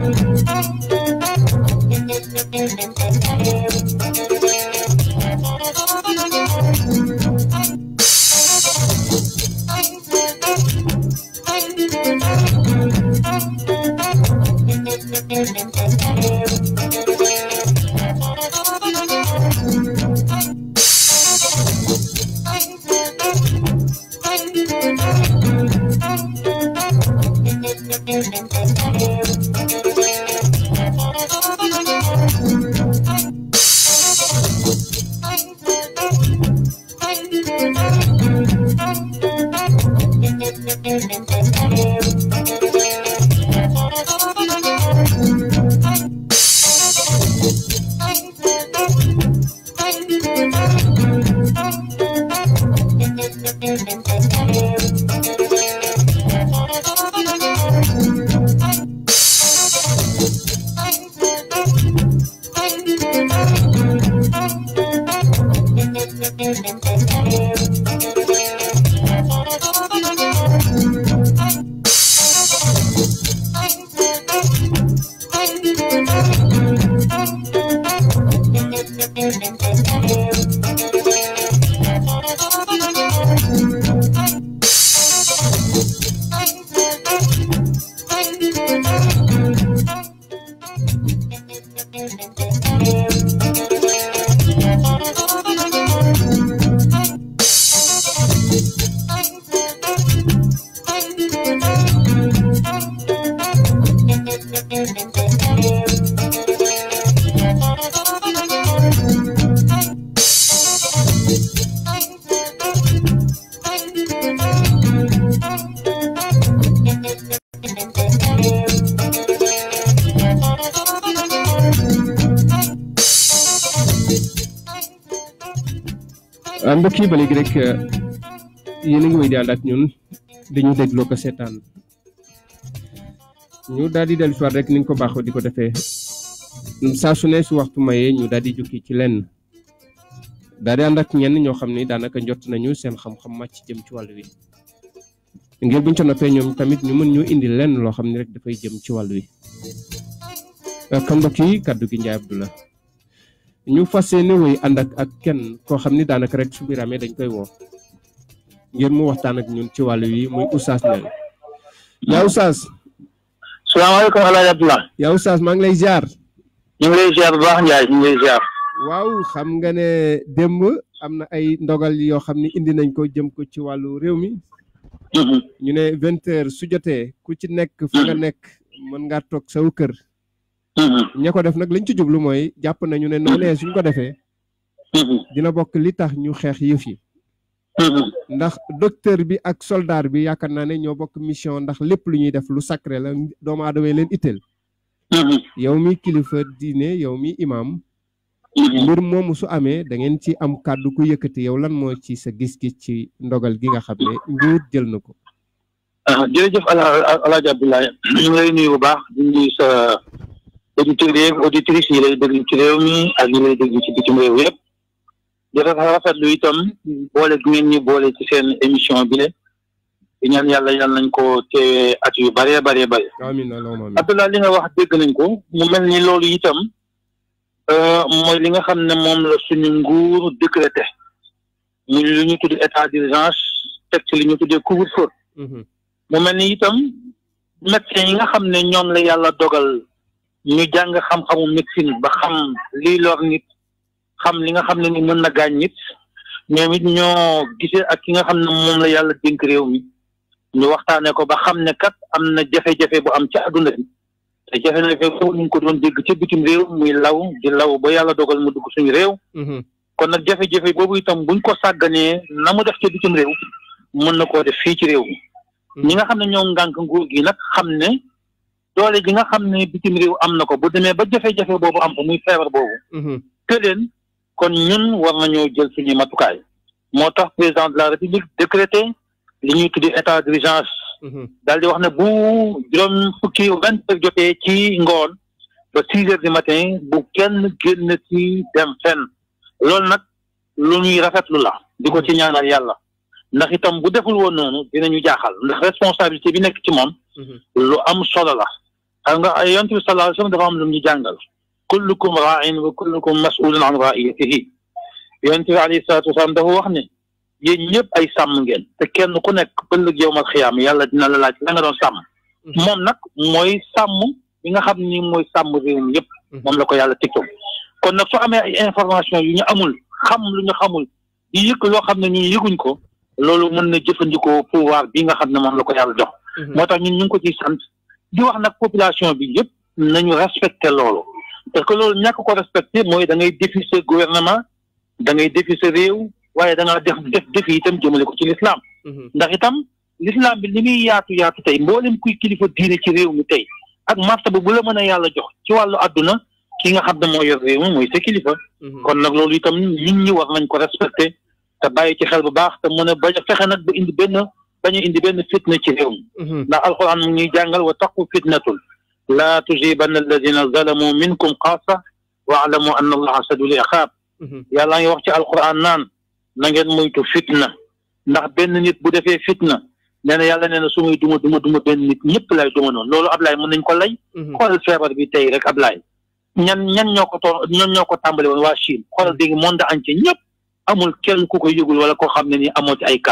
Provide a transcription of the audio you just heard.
Thank you. Ah, mbokk yi ba léegi rek euh, yéen a wéy di ànd ak ñun dañu dégloo ko seetaan ñu daal di dellu rek niñ ñu ko baaxoo di ko defee saa su ne su waxtu mayee ñu daal di jukki ci lenn daal di ànd ak ñenn ñoo xam ni daanaka njot nañu seen xam-xam màcc jëm ci wàll wi ngir buñ ca noppee ñoom tamit ñu mën ñu indi lenn loo xam ni rek dafay jëm ci wàll wi euh, kon mbokk yi kàddu gi Ndiaye Abdoulaye ñu fas yéene wéy ànd ak ak kenn koo xam ni daanaka rek su biramee dañ koy woo ngir mu waxtaan ak ñun ci wàllu yi muy Oustaz Niang yaa Oustaz salaamaaleykum El Hadj Abdoulaye yaa Oustaz maa ngi lay ziar ñu ngi lay ziar baax Ndiaye ñu waaw xam nga ne démb am na ay ndogal yoo xam ni indi nañ ko jëm ko ci wàllu réew mi mhm. ñu ne vingt heures su jotee ku ci nekk fa nga mhm. nekk mën ngaa toog saw kër ña ko def nag lañ ci jublu mooy jàpp nañu ne noonee suñ ko defee dina bokk li tax ñu xeex yëf yi ndax docteur bi ak soldat bi yaakaar naa ne ñoo bokk mission ndax lépp lu ñuy def lu sacré la doomu aadama yi leen itteel yow mi kilifa diine yow mi imaam mbir moom su amee da ngeen ci am kàddu ku yëkkati yow lan moo ci sa gis-gis ci ndogal gi nga xam ne njuut jël na ko jërëjëf alaaji Abdoulaye ñu ngi lay nuyu bu baax di nuyu sa auditeurs yeeg yi lay déglu ci réew mi ak yi lay déglu ci bitim réew yëpp di rafetlu itam boole gi ngeen ñu boole ci seen émission bi le di ñaan yàlla yàlla nañ ko teewee at yu bëree bëree bëri Abdoulaye li nga wax dégg nañ ko mu mel ni loolu itam euh, mooy li nga xam ne moom la suñu nguur décrété muy lu ñu tudd état d'urgence teg ci li ñu tuddee couvre-feu mhm. mu mel ni itam médecins yi nga xam ne ñoom la yàlla dogal ñu jàng xam-xamu médecine ba xam liy lor nit xam li nga xam ne ni mën na gaañ nit ñoom it ñoo gisee ak ki nga xam ne moom la yàlla dénk réew mi ñu waxtaanee ko ba xam ne kat am na jafe-jafe am ci àdduna bi te jafe-jafe boobu ko doon dégg ca bitim réew muy law di law ba yàlla dogal mu dugg réew. Mm-hmm. kon nag jafe boobu itam buñ ko sàgganee na mu def ca bitim réew mën na koo def fii ci réew mi. Mm-hmm. ñi nga xam ne ñoo ngànk nguur gi nag xam ne. loole ji nga xam ne bitim réew am na ko bu demee ba jafe-jafe boobu am ko muy feebar boobu te mhm. leen kon ñun war nañoo jël suñuy matukaay moo tax président de la république décrété li ñuy tuddi état d'urgence mhm. daal di wax ne bu juróom fukki vingt heures jotee ci ngoon ba six heures du matin bu kenn génn ci dem fenn loolu nag lu ñuy rafetlu la di ko ci mhm. ñaanal yàlla ndax itam bu deful woon noonu dinañu jaaxal ndax responsabilité bi nekk ci moom lu am solo la xam nga ay yonent bi sallallahu alayhi wasallam dafa am lu ñu jàngal kullukum raa'in wa kullukum mas'ulun an ra'iyatihi yonent bi alayhi salaatu wasalaam dafa wax ne yéen ñëpp ay sàmm ngeen te kenn ku nekk ëllëg yawmal xiyaam yàlla dina la laaj la nga doon sàmm moom nag mooy sàmm bi nga xam ni mooy sàmm réew mi yëpp moom la ko yàlla tegtoon kon nag su amee ay information yu ñu amul xam lu ñu xamul yi yëg loo xam ne ñun yëguñ ko loolu mën na jëfandikoo pouvoir bi nga xam ne moom la ko yàlla jox moo tax ñun ñu ko di wax nag population bi yëpp nañu respecter loolu parce que loolu ñàkk ko respecter mooy da ngay défi sa gouvernement da ngay défi sa réew waaye da ngaa def def défi itam jëmale ko ci l'islam mhm. ndax itam l'islam bi li muy yaatu yaatu tey mboolem kuy kilifa diine ci réew mi tey ak martaba bu la mën a yàlla jox ci wàllu àdduna ki nga xam ne moo yor réew mooy sa kilifa mhm. kon nag loolu itam nit ñu war nañ ko respecter te bàyyi ci xel bu baax te mën a bañ a fexe nag ba indi benn bañ a indi benn fitna ci réew mi mhm. ndax alquran mu ñuy jàngal wa taqu fitnatul laa tusibanna alladina zalamu minkum xaasa wa alamu anna allaha saduli aqaab mhm. yàlla ngi wax ci alquran naan na ngeen moytu fitna ndax benn nit bu defee fitna nee na yàlla nee na su muy duma duma duma benn nit ñëpp lay duma noonu loolu Ablaye mën nañ ko lay mhm. xoolal feebar bi tey rek Ablaye ñan ñan ñoo ko toon ñoo ko tàmbale woon waa Chine xoolal amul kenn ku ko yëgul wala koo xam ne ni amoo ci ay cas